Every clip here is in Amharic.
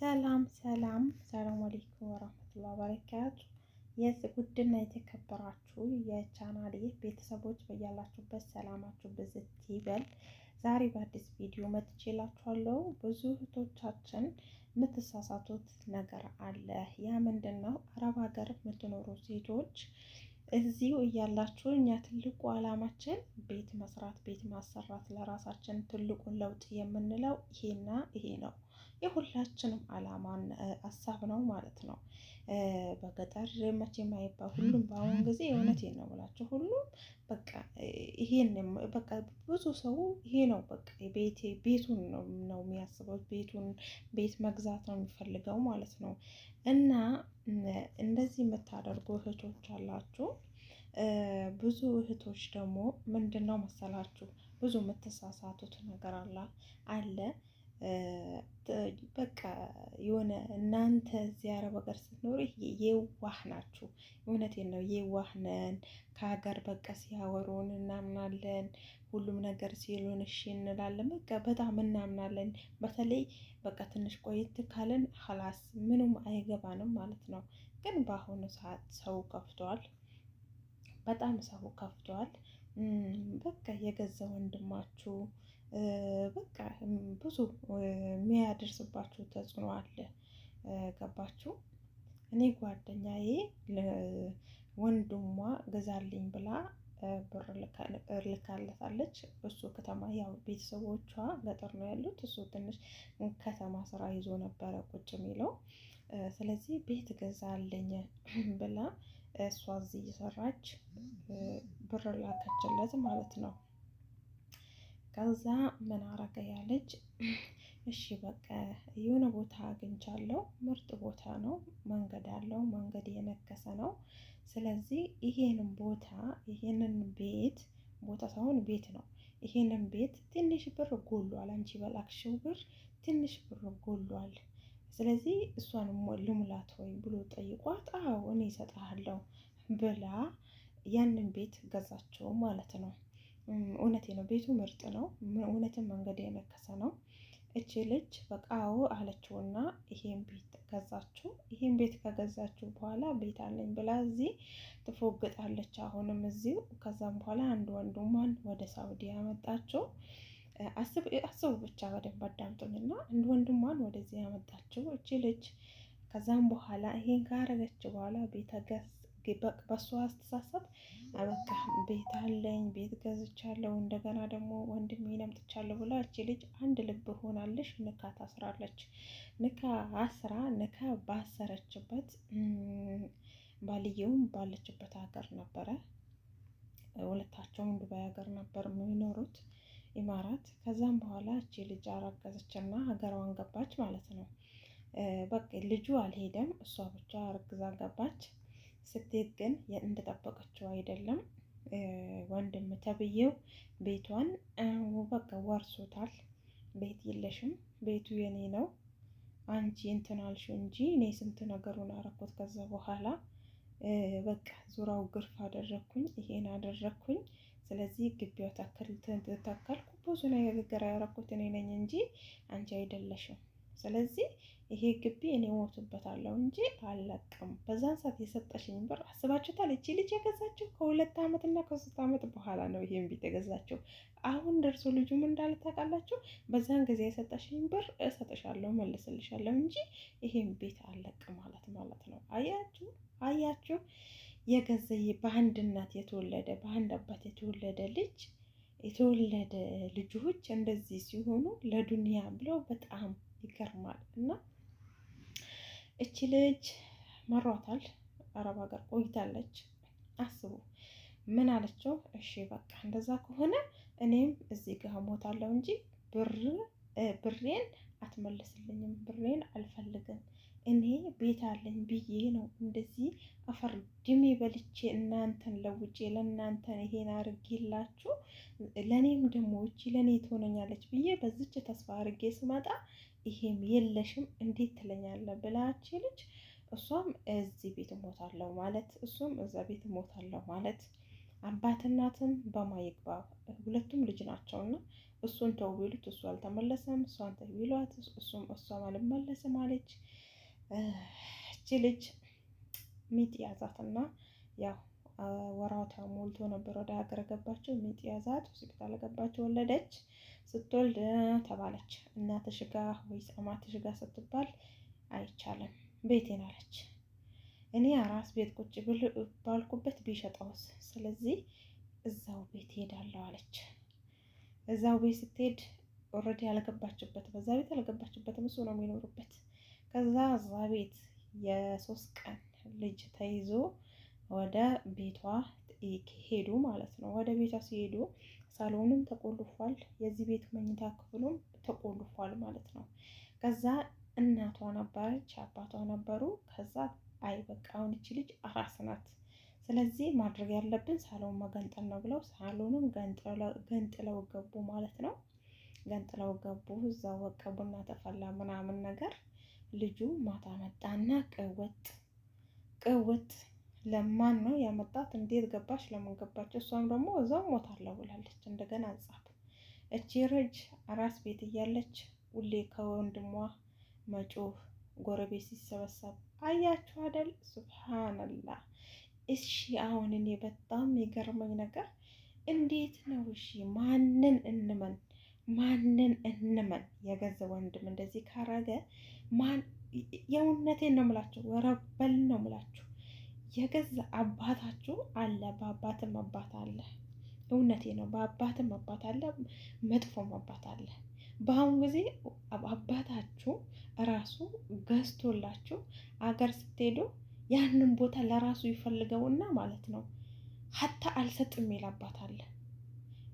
ሰላም ሰላም ሰላም አለይኩም ወራህመቱላሂ ወበረካቱ። የውድና የተከበራችሁ የቻናሌ ቤተሰቦች በያላችሁበት ሰላማችሁ ብዝት ይበል። ዛሬ በአዲስ ቪዲዮ መጥቼላችኋለሁ። ብዙ እህቶቻችን የምትሳሳቱት ነገር አለ። ያ ምንድን ነው? አረብ ሀገር የምትኖሩ ሴቶች እዚሁ እያላችሁ እኛ ትልቁ አላማችን ቤት መስራት፣ ቤት ማሰራት፣ ለራሳችን ትልቁን ለውጥ የምንለው ይሄና ይሄ ነው የሁላችንም አላማን ሀሳብ ነው ማለት ነው። በገጠር መቼ አይባል ሁሉም በአሁኑ ጊዜ እውነቴን ነው የምላቸው ሁሉም በቃ ይሄን በቃ ብዙ ሰው ይሄ ነው በቃ ቤቴ ቤቱን ነው የሚያስበው ቤቱን ቤት መግዛት ነው የሚፈልገው ማለት ነው። እና እንደዚህ የምታደርጉ እህቶች አላችሁ። ብዙ እህቶች ደግሞ ምንድን ነው መሰላችሁ ብዙ የምትሳሳቱት ነገር አለ አለ በቃ የሆነ እናንተ እዚህ አረብ ሀገር ስትኖሩ የዋህ ናችሁ። እውነቴን ነው፣ ነን። ከሀገር በቃ ሲያወሩን እናምናለን። ሁሉም ነገር ሲሉን እሺ እንላለን። በቃ በጣም እናምናለን። በተለይ በቃ ትንሽ ቆይት ካለን ሀላስ ምንም አይገባንም ማለት ነው። ግን በአሁኑ ሰዓት ሰው ከፍቷል፣ በጣም ሰው ከፍቷል። በቃ የገዛ ወንድማችሁ በቃ ብዙ የሚያደርስባችሁ ተጽዕኖ አለ። ገባችሁ? እኔ ጓደኛዬ ወንድሟ ገዛልኝ ብላ ብር ልካለታለች። እሱ ከተማ ያው ቤተሰቦቿ ገጠር ነው ያሉት። እሱ ትንሽ ከተማ ስራ ይዞ ነበረ ቁጭ የሚለው። ስለዚህ ቤት ገዛልኝ ብላ እሷ እዚህ እየሰራች ብር ላከችለት ማለት ነው። ከዛ ምን አረገ ያለች፣ እሺ በቃ የሆነ ቦታ አግኝቻለሁ። ምርጥ ቦታ ነው፣ መንገድ አለው፣ መንገድ የነከሰ ነው። ስለዚህ ይሄንን ቦታ ይሄንን ቤት ቦታ ሳይሆን ቤት ነው። ይሄንን ቤት ትንሽ ብር ጎሏል፣ አንቺ በላክሽው ብር ትንሽ ብር ጎሏል። ስለዚህ እሷን ልሙላት ወይ ብሎ ጠይቋት፣ አዎ እኔ እሰጥሃለሁ ብላ ያንን ቤት ገዛቸው ማለት ነው። እውነቴ ነው። ቤቱ ምርጥ ነው። እውነትን መንገድ የነከሰ ነው። እቺ ልጅ በቃ አዎ አለችውና ይሄን ቤት ገዛችው። ይሄን ቤት ከገዛችው በኋላ ቤት አለኝ ብላ እዚህ ትፎግጣለች። አሁንም እዚሁ። ከዛም በኋላ አንድ ወንድሟን ወደ ሳውዲ ያመጣችው አስቡ ብቻ በደንብ አዳምጡኝና አንድ ወንድሟን ወደዚህ ያመጣችው እቺ ልጅ ከዛም በኋላ ይሄን ካረገች በኋላ ቤት በእሷ አስተሳሰብ በቃ ቤት አለኝ ቤት ገዝቻለሁ፣ እንደገና ደግሞ ወንድሜን አምጥቻለሁ ብላ እቺ ልጅ አንድ ልብ ሆናለሽ ንካ ታስራለች። ንካ አስራ ንካ ባሰረችበት ባልየውም ባለችበት ሀገር ነበረ። ሁለታቸውም ዱባይ ሀገር ነበር የሚኖሩት ኢማራት። ከዛም በኋላ እቺ ልጅ አረገዘችና ሀገሯን ገባች ማለት ነው። በቃ ልጁ አልሄደም፣ እሷ ብቻ አርግዛ ገባች። ስትሄድ ግን እንደጠበቀችው አይደለም። ወንድም ተብዬው ቤቷን በቃ ወርሶታል። ቤት የለሽም፣ ቤቱ የኔ ነው አንቺ እንትን አልሽው እንጂ እኔ ስንት ነገሩን አረኩት። ከዛ በኋላ በቃ ዙራው ግርፍ አደረግኩኝ፣ ይሄን አደረግኩኝ። ስለዚህ ግቢው ታከል ተንተካል ብዙ ነገር ያረኩት እኔ ነኝ እንጂ አንቺ አይደለሽም። ስለዚህ ይሄ ግቢ እኔ ሞቱበታለሁ እንጂ አልለቅም። በዛን ሰዓት የሰጠሽኝ ብር አስባችሁታል? እቺ ልጅ የገዛችው ከሁለት እና ከሶስት ዓመት በኋላ ነው ይሄን ቤት የገዛችው። አሁን ደርሶ ልጁም እንዳለ ታውቃላችሁ። በዛን ጊዜ የሰጠሽኝ ብር እሰጥሻለሁ፣ መልስልሻለሁ እንጂ ይሄን ቤት አልለቅም ማለት ማለት ነው። አያችሁ አያችሁ፣ የገዘይ በአንድ እናት የተወለደ በአንድ አባት የተወለደ ልጅ የተወለደ ልጆች እንደዚህ ሲሆኑ ለዱንያ ብለው በጣም ይገርማል። እና እቺ ልጅ መሯታል፣ አረብ ሀገር ቆይታለች። አስቡ ምን አለችው? እሺ በቃ እንደዛ ከሆነ እኔም እዚህ ጋር ሞታለሁ እንጂ ብሬን አትመልስልኝም፣ ብሬን አልፈልግም። እኔ ቤት አለኝ ብዬ ነው እንደዚህ አፈር ድሜ በልቼ እናንተን ለውጬ ለእናንተን ይሄን አርጌላችሁ ለእኔም ደግሞ እቺ ለእኔ ትሆነኛለች ብዬ በዝች ተስፋ አርጌ ስመጣ ይሄም የለሽም እንዴት ትለኛለ ብላች ልጅ እሷም እዚህ ቤት እሞታለሁ ማለት እሷም እዛ ቤት እሞታለሁ ማለት አባትናትም እናትም በማይግባ ሁለቱም ልጅ ናቸውና እሱን ተው ቢሉት እሱ አልተመለሰም፣ እሷን ተው ቢሏት እሱም እሷም አልመለስም አለች። እቺ ልጅ ሚጥ ያዛትና ያው ወራቷ ሞልቶ ነበር ወደ ሀገር ገባቸው። ሚጥ ያዛት፣ ሆስፒታል ገባቸው፣ ወለደች። ስትወልድ ተባለች። እናትሽ ጋ ወይስ አማትሽ ጋ ስትባል አይቻልም ቤቴን አለች። እኔ አራስ ቤት ቁጭ ብል ባልኩበት ቢሸጠውስ? ስለዚህ እዛው ቤት ሄዳለሁ አለች። እዛው ቤት ስትሄድ ኦልሬዲ ያልገባችበት በዛ ቤት ያልገባችበት ምስ ነው የሚኖሩበት። ከዛ እዛ ቤት የሶስት ቀን ልጅ ተይዞ ወደ ቤቷ ሄዱ ማለት ነው። ወደ ቤቷ ሲሄዱ ሳሎኑም ተቆልፏል፣ የዚህ ቤት መኝታ ክፍሉም ተቆልፏል ማለት ነው። ከዛ እናቷ ነበረች፣ አባቷ ነበሩ። ከዛ አይ በቃ አሁን ልጅ አራስ ናት፣ ስለዚህ ማድረግ ያለብን ሳሎን መገንጠል ነው ብለው ሳሎኑም ገንጥለው ገቡ ማለት ነው። ገንጥለው ገቡ። እዛው በቃ ቡና ተፈላ ምናምን ነገር ልጁ ማታ መጣና ቅውጥ ቅውጥ ለማን ነው ያመጣት? እንዴት ገባች? ለምን ገባች? እሷም ደግሞ እዛው ሞታለሁ ብላለች። እንደገና ጻፍ እቺ ረጅ አራስ ቤት እያለች ሁሌ ከወንድሟ መጮህ፣ ጎረቤት ሲሰበሰብ አያችሁ አደል? ሱብሃነላህ። እሺ አሁን እኔ በጣም የገርመኝ ነገር እንዴት ነው እሺ፣ ማንን እንመን? ማንን እንመን? የገዛ ወንድም እንደዚህ ካረገ ማን የእውነቴን ነው ምላቸው፣ ወረበል ነው ምላችሁ የገዛ አባታችሁ አለ። በአባትም አባት አለ። እውነቴ ነው። በአባትም አባት አለ፣ መጥፎም አባት አለ። በአሁኑ ጊዜ አባታችሁ ራሱ ገዝቶላችሁ አገር ስትሄዱ ያንን ቦታ ለራሱ ይፈልገውና ማለት ነው ሀታ አልሰጥም ይል አባት አለ።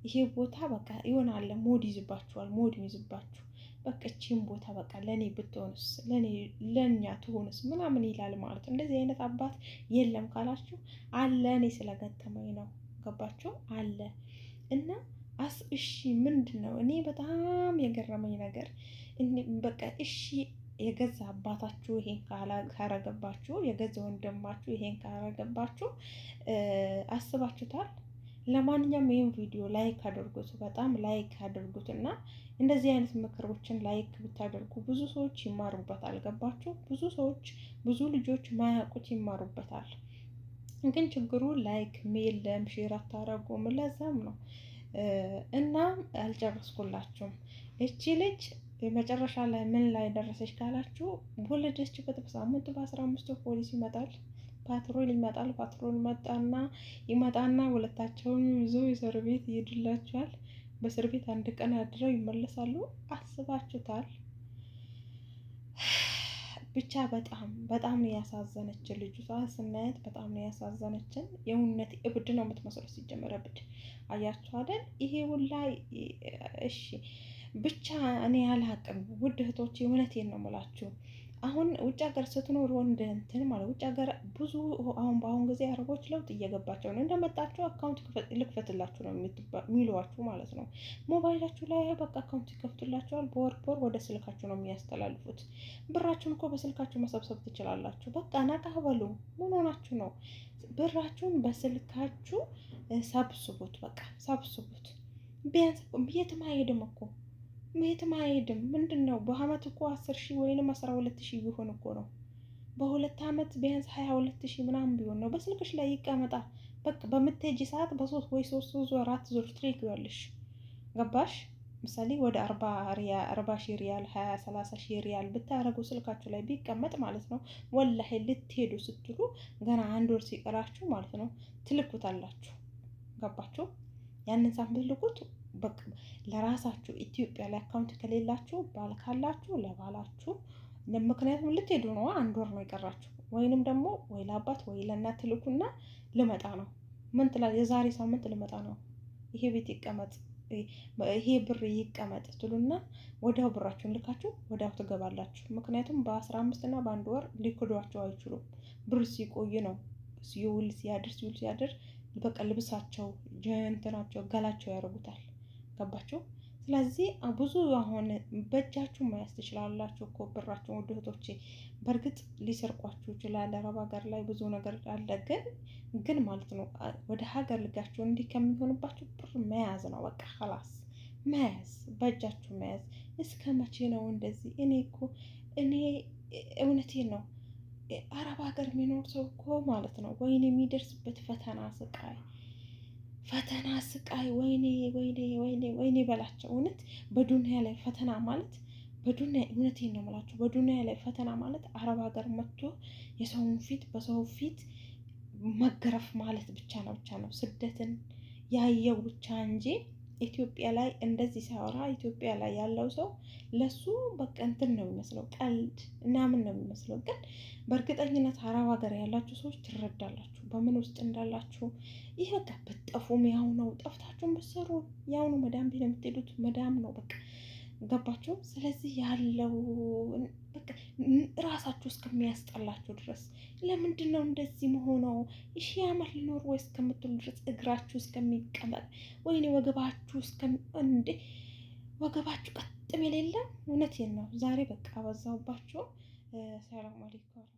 ይሄ ቦታ በቃ ይሆናለ ሞድ ይዝባችኋል፣ ሞድ ይዝባችሁ በቀችን ቦታ በቃ ለእኔ ብትሆንስ ለእኛ ትሆንስ ምናምን ይላል ማለት ነው። እንደዚህ አይነት አባት የለም ካላችሁ አለ እኔ ስለገጠመኝ ነው። ገባችሁ አለ እና አስ እሺ ምንድን ነው እኔ በጣም የገረመኝ ነገር በቃ እሺ የገዛ አባታችሁ ይሄን ካረገባችሁ፣ የገዛ ወንድማችሁ ይሄን ካረገባችሁ አስባችሁታል? ለማንኛውም ይህን ቪዲዮ ላይክ አድርጉት፣ በጣም ላይክ አድርጉት እና እንደዚህ አይነት ምክሮችን ላይክ ብታደርጉ ብዙ ሰዎች ይማሩበታል። ገባችሁ? ብዙ ሰዎች ብዙ ልጆች ማያውቁት ይማሩበታል። ግን ችግሩ ላይክ ሜለም ሼር አታረጉም። ለዛም ነው እና አልጨረስኩላችሁም። እቺ ልጅ የመጨረሻ ላይ ምን ላይ ደረሰች ካላችሁ፣ ወለደች። በጥብስ በአስራ አምስቱ ፖሊስ ይመጣል ፓትሮል ይመጣል። ፓትሮል መጣና ይመጣና ሁለታቸውን ይዞ እስር ቤት ይሄድላቸዋል። በእስር ቤት አንድ ቀን አድረው ይመለሳሉ። አስባችሁታል? ብቻ በጣም በጣም ነው ያሳዘነችን ልጅቷ። ስናያት በጣም ነው ያሳዘነችን። የእውነት እብድ ነው የምትመስለው። ሲጀመር እብድ አያችሁ ይሄ ሁላ እሺ። ብቻ እኔ አላቅም፣ ውድ እህቶች፣ እውነቴን ነው የምላችሁ አሁን ውጭ ሀገር ስትኖር ወንድ እንትን ማለት ውጭ ሀገር ብዙ አሁን በአሁን ጊዜ አረቦች ለውጥ እየገባቸው ነው። እንደመጣችሁ አካውንት ልክፈትላችሁ ነው የሚሏችሁ ማለት ነው። ሞባይላችሁ ላይ በቃ አካውንት ይከፍቱላችኋል። በወር በወር ወደ ስልካችሁ ነው የሚያስተላልፉት። ብራችሁን እኮ በስልካችሁ መሰብሰብ ትችላላችሁ። በቃ ነቃ በሉ። ምን ሆናችሁ ነው? ብራችሁን በስልካችሁ ሰብስቡት። በቃ ሰብስቡት። ቢያንስ የትም አይሄድም እኮ የትም አይሄድም። ምንድን ነው በአመት እኮ አስር ሺህ ወይንም አስራ ሁለት ሺህ ቢሆን እኮ ነው። በሁለት አመት ቢያንስ ሀያ ሁለት ሺህ ምናምን ቢሆን ነው። በስልክሽ ላይ ይቀመጣል። በቃ በምትሄጂ ሰዓት በሶስት ወይ ሶስት ዙር አራት ዙር ትልኪዋለሽ። ገባሽ? ምሳሌ ወደ አርባ ሪያል አርባ ሺህ ሪያል ሀያ ሰላሳ ሺህ ሪያል ብታረጉ ስልካችሁ ላይ ቢቀመጥ ማለት ነው። ወላሂ ልትሄዱ ስትሉ ገና አንድ ወር ሲቀራችሁ ማለት ነው ትልኩታላችሁ። ገባችሁ? ያንን ሳምንት ልኩት ለራሳችሁ ኢትዮጵያ ላይ አካውንት ከሌላችሁ ባል ካላችሁ ለባላችሁ ምክንያቱም ልትሄዱ ነው፣ አንድ ወር ነው የቀራችሁ። ወይንም ደግሞ ወይ ለአባት ወይ ለእናት ልኩና ልመጣ ነው ምን ትላለህ? የዛሬ ሳምንት ልመጣ ነው፣ ይሄ ቤት ይቀመጥ፣ ይሄ ብር ይቀመጥ ትሉና ወዲያው ብራችሁን ልካችሁ ወዲያው ትገባላችሁ። ምክንያቱም በአስራ አምስት እና በአንድ ወር ሊክዷቸው አይችሉም። ብር ሲቆይ ነው ሲውል ሲያድር ሲውል ሲያድር በቃ ልብሳቸው ጀንትናቸው ገላቸው ያደርጉታል። ገባችሁ? ስለዚህ ብዙ አሁን በእጃችሁ መያዝ ትችላላችሁ እኮ ብራችሁ፣ ውድ እህቶቼ በእርግጥ ሊሰርቋችሁ ይችላል። አረብ ሀገር ላይ ብዙ ነገር አለ። ግን ግን ማለት ነው ወደ ሀገር ልጋችሁ እንዲህ ከሚሆንባችሁ ብር መያዝ ነው በቃ ኸላስ፣ መያዝ፣ በእጃችሁ መያዝ። እስከ መቼ ነው እንደዚህ? እኔ እኮ እኔ እውነቴ ነው። አረብ ሀገር የሚኖር ሰው እኮ ማለት ነው ወይን የሚደርስበት ፈተና ስቃይ ፈተና ስቃይ፣ ወይኔ ወይኔ ወይኔ ወይኔ በላቸው። እውነት በዱንያ ላይ ፈተና ማለት በዱንያ እውነት ነው የምላቸው። በዱንያ ላይ ፈተና ማለት አረብ ሀገር መጥቶ የሰውን ፊት በሰው ፊት መገረፍ ማለት ብቻ ነው ብቻ ነው ስደትን ያየው ብቻ እንጂ ኢትዮጵያ ላይ እንደዚህ ሲያወራ ኢትዮጵያ ላይ ያለው ሰው ለሱ በቃ እንትን ነው የሚመስለው፣ ቀልድ ምናምን ነው የሚመስለው። ግን በእርግጠኝነት አረብ ሀገር ያላችሁ ሰዎች ትረዳላችሁ በምን ውስጥ እንዳላችሁ። ይህ በቃ ብትጠፉም ያው ነው፣ ጠፍታችሁን ብትሰሩ ያው ነው። መዳም ቤት የምትሄዱት መዳም ነው በቃ ገባቸው። ስለዚህ ያለው ራሳቸው እስከሚያስጠላቸው ድረስ ለምንድን ነው እንደዚህ መሆነው? ይሺ ዓመት ሊኖር ወይ እስከምትሉ ድረስ እግራችሁ እስከሚቀመጥ ወይኔ ወገባችሁ እንዴ ወገባችሁ ቀጥም የሌለ እውነት ነው። ዛሬ በቃ በዛውባቸው። ሰላም አለይኩም።